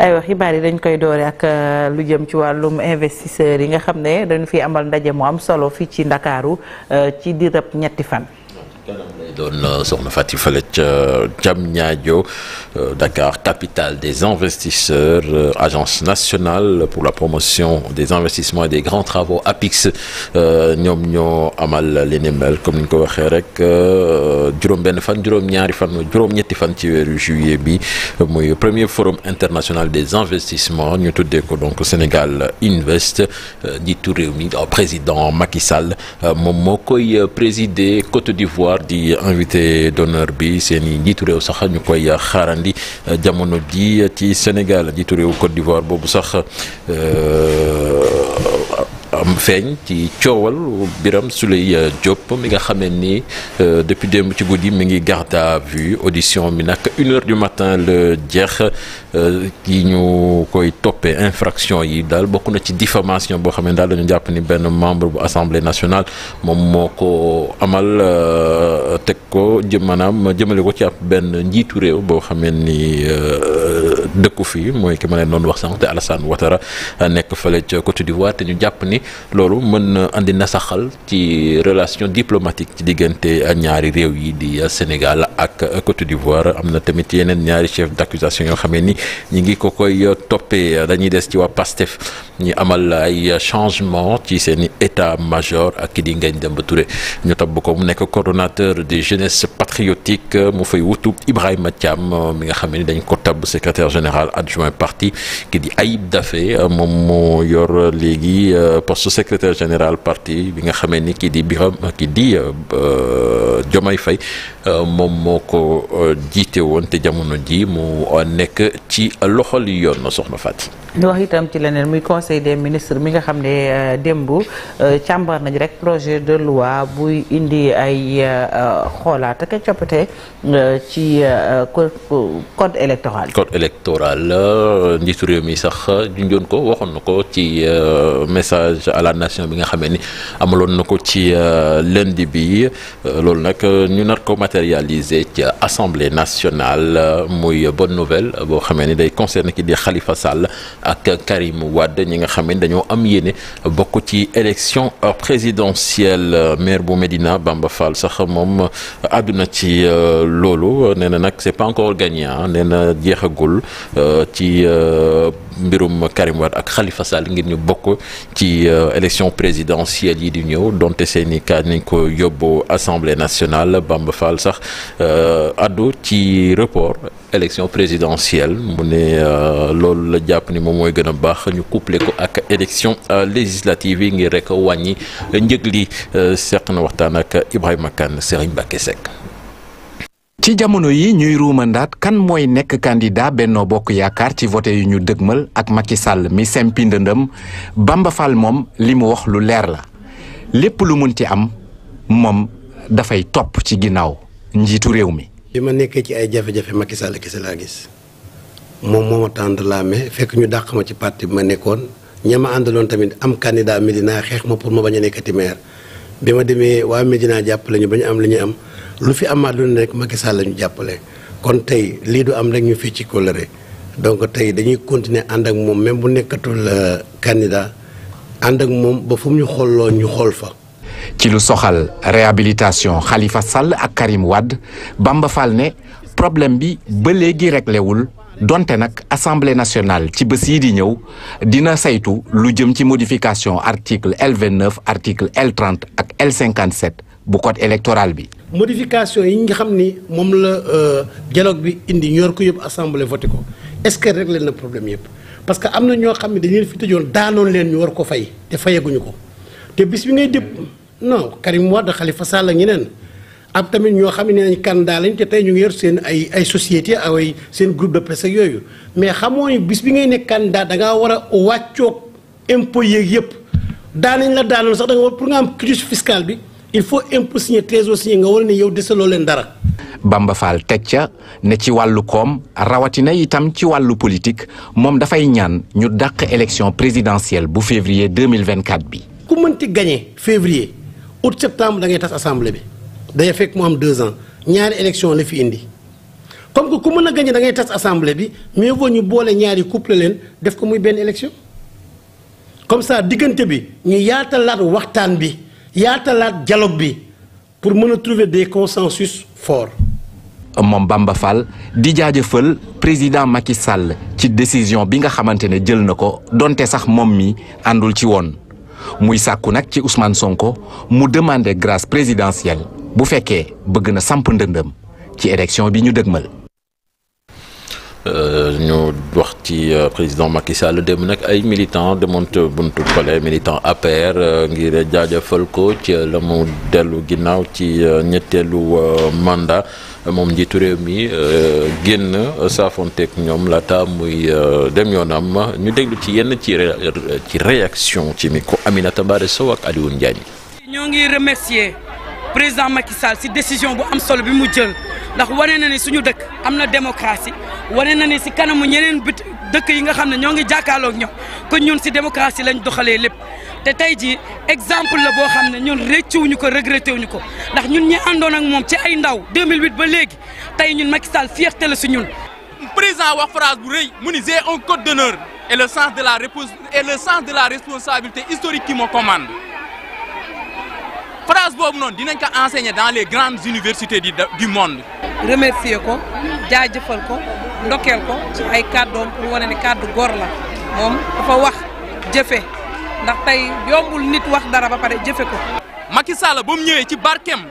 aywa xibaar yi dañ koy doore ak euh, lu jëm ci wàllum investisseurs yi nga xam ne dañu fi ambal ndaje mu am solo fii ci Ndakaaru euh, ci di rëb ñetti fan doon soxna Fati fële ca Diamniadio euh, Dakar capitale des investisseurs euh, agence nationale pour la promotion des investissements et des grands travaux APIX euh, ñoom ñoo amal li ni comme ni ñu ko waxee rek juróom-benn fan juróom-ñaari fan juróom-ñetti fan ci weeru juillet bi muy premier forum international des investissements ñu tuddee ko donc Sénégal Invest njiitu réew mi président Macky Sall moom présider Côte d'Ivoire. di invité donneur bi seen i njiitu réew sax ñu koy xaarandi jamono ji ci Sénégal njiitu réew Côte d'Ivoire boobu sax. Euh, am feeñ ci coowal Birame Souleye Diop mi nga xamee ni euh, depuis démb ci guddi mi ngi garde à vue audition bi nag une heure du matin la jeex euh, ki ñu koy toppee infraction yi daal bokk na ci diffamation boo xam ne daal dañu jàpp ni benn membre bu assemblée nationale moom moo ko amal euh, teg ko jë maanaam jëmale ko ci ab benn njiitu réew boo xamee ni dëkku fii mooy ki ma leen doon wax sànq te Alassane Ouattara nekk fële ca Côte d'Ivoire na andi nasaxal ci relation diplomatique ci diggante ñaari réew yi di Sénégal ak Côte d'Ivoire am na tamit yeneen ñaari chef d'accusation yoo xamee ni ñi ngi ko koy toppee dañuy des ci waa PASTEF ñu amal ay changement ci seen i état major ak ki di Ngagne Demba Touré ñu tabb ko mu nekk coordonnateur des jeunesse patriotique mu fay wutu Ibrahima Thiam mi nga xam ne dañ ko tabb secrétaire général adjoint parti ki di Ayib Daffé euh, moom moo yor euh, léegi euh, poste secrétaire général parti bi nga xamee ni ki di Biram ki di Diomaye Faye moom moo ko jiite woon te jamono ji mu nekk ci loxol yoon na soxna Faty wax itam ci leneen muy conseil des ministres mi nga xam ne démb càmbar nañ rek projet de loi buy indi ay xoolaat ak coppite ci code électoral électorale njiitu réew mi sax junjoon ko waxoon na ko ci euh, message à la nation bi nga xamee ni amaloon na ko ci euh, lundi bi euh, loolu nag ñu nar ko matérialiser ci assemblée nationale muy bonne nouvelle boo xamee ni day concerner ki di xalifa Sall ak Karim Wade ñi nga xamee ni dañoo am yéene bokk ci élection présidentielle maire bu Médina Bamba Fall sax moom àdduna ci loolu nee na c'est pas encore gagné nee na jeexagul. bokkul euh, ci euh, mbirum Karim ak Khalifa Sall ngir ñu bokk ci euh, élection présidentielle yi di ñëw donte seen i cas nañ ko yóbbu assemblée nationale Bamba Fall sax ado ci report élection présidentielle mu ne loolu la jàpp ni moom mooy gën a baax ñu couplé ko ak élection législative yi ngir rek wàññi njëg li seq na waxtaan ak Ibrahima Kane Serigne Mbacké Seck ci jamono yi ñuy ruuma ruumandaat kan mooy nekk candidat Benno Bokk Yaakaar ci vote yu ñu dëgmal ak Macky Sall mi sempi ndëndam Bamba Fall moom li mu wax lu leer la lépp lu mun ci am moom dafay topp ci ginnaaw njiitu réew mi. bi ma nekkee ci ay jafe-jafe Macky Sall kese laa gis moom moo ma tendre la main fekk ñu dàq ma ci parti bi ma nekkoon ña ma àndaloon tamit am candidat Medina xeex ma pour ma bañ a nekkati maire bi ma demee waa Medina jàppale ñu ba am li ñu am. lu fi amaat lu ne rek Macky Sall la ñu jàppale kon tey lii du am rek ñu fii ci kóllëre donc tey dañuy continuer ànd ak moom même bu nekkatul euh, candidat ànd ak moom ba fu mu ñu xool fa. ci lu soxal réabilitation xalifa Sall ak Karim Wade Bamba Fall ne problème bi ba léegi réglé donte nag assemblée nationale ci bés yi di ñëw dina saytu lu jëm ci modification article L29 article L30 ak L57. bu code électoral bi. modification yi nga xam ni moom la euh, dialogue bi indi ñor ko yëpp assemblée voté ko est-ce que réglé na problème yëpp parce que am na ñoo xam ne dañu fi tëjoon daanoon leen ñu war ko fay te fayaguñu ko te bis bi ngay dëpp non Karim Wade Khalifa Sall ak ñeneen am tamit ñoo xam ne nañ candidat lañ te tey ñu ngi yor seen ay ay société ay seen groupe de presse ak yooyu mais xamoo ni bis bi ngay nekk kandaa da ngaa war a wàccoog impôt yeeg yëpp daanañ la daanoon sax da nga war bi. il faut impôt signé trésor signé nga war ne yow desaloo leen dara. Bamba Fall teg ca ne ci wàllu koom rawatina itam ci wàllu politique moom dafay ñaan ñu dàq élection présidentielle bu février 2024 bi. ku mënti gañe février août septembre da ngay tas assemblée bi day fekk mu am deux ans ñaari élection ne fi indi comme que ku mën a gagné da ngay tas assemblée bi mieux vaut ñu boole ñaari couple leen def ko muy benn élection comme ça diggante bi ñu yaatalaat waxtaan bi. yaatalaat dialogue bi pour mën a trouver des consensus forts. moom Bamba di jaajëfal président Macky Sall ci décision bi nga xamante ne jël na ko donte sax moom mi àndul ci woon muy sàkku nag ci Ousmane Sonko mu demandé grâce présidentielle bu fekkee bëgg na samp ndëndëm ci élection bi ñu dëgmal. Euh, ñu wax ci euh, président Macky Sall dem nag ay militants demoon buntu pale militant APR euh, ngir jaajëfal ko ci la mu dellu ginnaaw ci ñetteelu mandat moom njiitu réew mi génn saafonteeg ñoom laata muy dem yoonam ñu déglu ci yenn ci ci réaction ci micro Aminata Mbare Sow ak Alioune Ndiagne. ñoo ngi remercier. président Macky Sall si décision bu am solo bi mu jël ndax wane na ne suñu dëkk am na démocratie wane na ne si kanamu ñeneen bit dëkk yi nga xam ne ñoo ngi jàkkaarloog ño kon ñun si démocratie lañ doxalee lépp. te tey jii exemple la boo xam ne ñun rëccu wuñu ko regretté wuñu ko ndax ñun ñi àndoon ak moom ci ay ndaw 2008 ba léegi tey ñun Macky Sall fierté la si ñun. président wax phrase bu rëy mu ni j'ai un code d'honneur et le sens de la et le sens de la responsabilité historique qui me commande. phrase boobu noonu dinañ ko enseigner dans les grandes universités du du monde. remercier ko jaajëfal ko ndokkeel ko ci ay kàddoom pour wane ne kàddu góor la moom dafa wax jëfe ndax tey yombul nit wax dara ba pare jëfe ko. Macky Sall ba mu ñëwee ci barkeem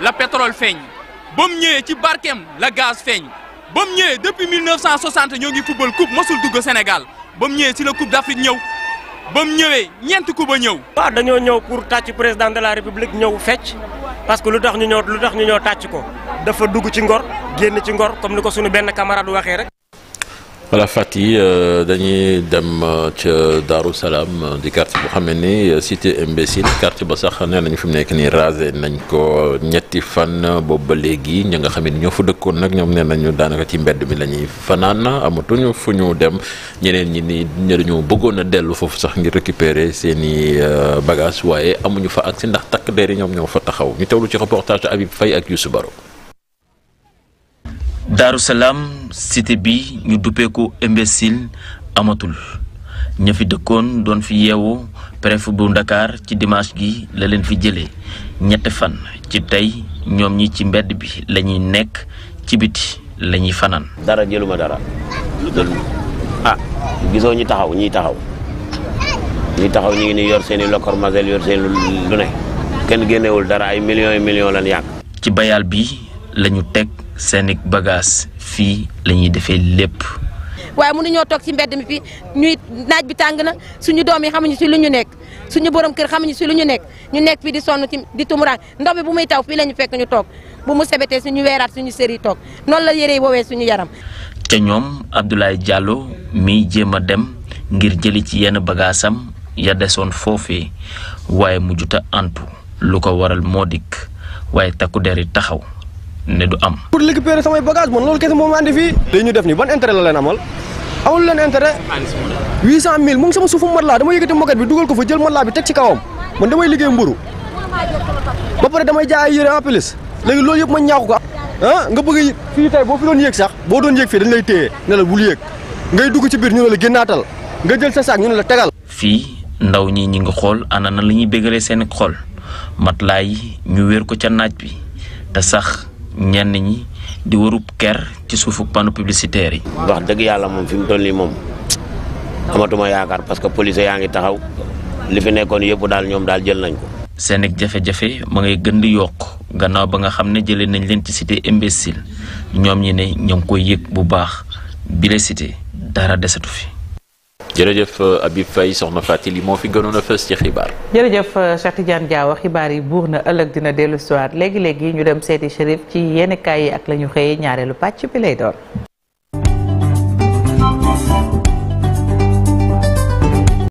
la pétrole feeñ ba mu ñëwee ci barkeem la gaz feeñ ba mu ñëwee depuis 1960 ñoo ngi football coupe mosul dugg Sénégal ba mu ñëwee ci la coupe d'Afrique ñëw. ba mu ñëwee ñeent ku ba ñëw. waaw dañoo ñëw pour tàcc président de la république ñëw fecc parce que lu tax ñu ñëw lu tax ñu ñëw tàcc ko dafa dugg ci ngor génn ci ngor comme ni ko suñu benn camarade waxee rek. voilà fat yi euh, dañuy dem euh, ca Darou Salaam euh, di quartier bu xam ne ni cité imbécile quartier ba sax nee nañu fi mu nekk nii rasé nañ ko ñetti fan boobu ba léegi ñu nga xam ne ñoo fa dëkkoon nag ñoom nee nañu daanaka ci mbedd mi lañuy fanaan amatuñu fu ñu dem ñeneen ñi ni dañu bëggoon a dellu foofu sax ngir récupérer seen i bagages waaye amuñu fa ak si ndax takk der yi ñoom ñoo fa taxaw ñu lu ci reportage Habib Faye ak Youssou Baro Daaru Salaam cité bi ñu duppee ko amatul ña fi dëkkoon doon fi yeewu préfet bu ndakaar ci dimaas gi la leen fi jëlee ñetti fan ci tey ñoom ñi ci mbedd bi lañuy nekk ci biti lañuy fanaan. dara jëluma dara. ah gisoo ñi taxaw ñi taxaw ñi taxaw ñu ngi ni yor seeni i loccormazelle yor seen lu ne kenn génnewul dara ay million et millions lañ yàq. ci bayaal bi lañu teg. seeni bagaas fii lañuy ñuy defee lépp. waaye mënuñoo toog ci mbedd mi fii ñuy naaj bi tàng na suñu doom yi xamuñu si lu ñu nekk suñu borom kër xamuñu si lu ñu nekk ñu nekk fii di sonn di tumuraan ndox bi bu muy taw fii la ñu fekk ñu toog bu mu sebetee suñu weeraat suñu sër yi toog noonu la yére yi suñu yaram. ca ñoom Abdoulaye Diallo mi jéem a dem ngir jëli ci yenn bagaasam ya desoon foofee waaye mujjuta antu lu ko waral moo dikk waaye takku der yi taxaw. ne du am. pour récupérer samay bagage man loolu kese moom andi fii. léegi ñu def ni ban intérêt la leen amal amul leen intérêt. cent mille mu ngi sama suufu matelas dama yëkkati moquette bi dugal ko fa jël matelas bi teg ci kawam man damay liggéey mburu ba pare damay jaay yére en plus léegi loolu yëpp ma ñaaku ko ah nga bëgg a fii tey sax boo doon yéeg dañ lay téye ne bul yéeg ngay dugg ci biir ñu ne la génnaatal nga jël sa saak ñu la tegal. fii ndaw ñi ñi ngi xool ana na la ñuy bégalee seen xol matelas yi ñu wéer ko ca naaj bi te sax ñenn ñi di warub ker ci suufu panneau publicitaire yi. wax dëgg yàlla moom fi mu toll nii moom amatuma yaakaar parce que police yaa ngi taxaw li fi nekkoon yëpp daal ñoom daal jël nañ ko. seen ak jafe-jafe ma ngay gën di yokk gannaaw ba nga xam ne jëlee nañ leen ci cité imbécile ñoom ñi ne ñoo ngi koy yëg bu baax bile cité dara desatu fi. jërëjëf euh, Habib Faye soxna Faty li moo fi gënoon a fës ci xibaar. jërëjëf euh, Cheikh Tidiane Diaw xibaar yi buur na ëllëg dina dellu si léegi léegi ñu dem seeti Chérif ci yenn yi ak la ñu xëyee ñaareelu pàcc bi lay doon.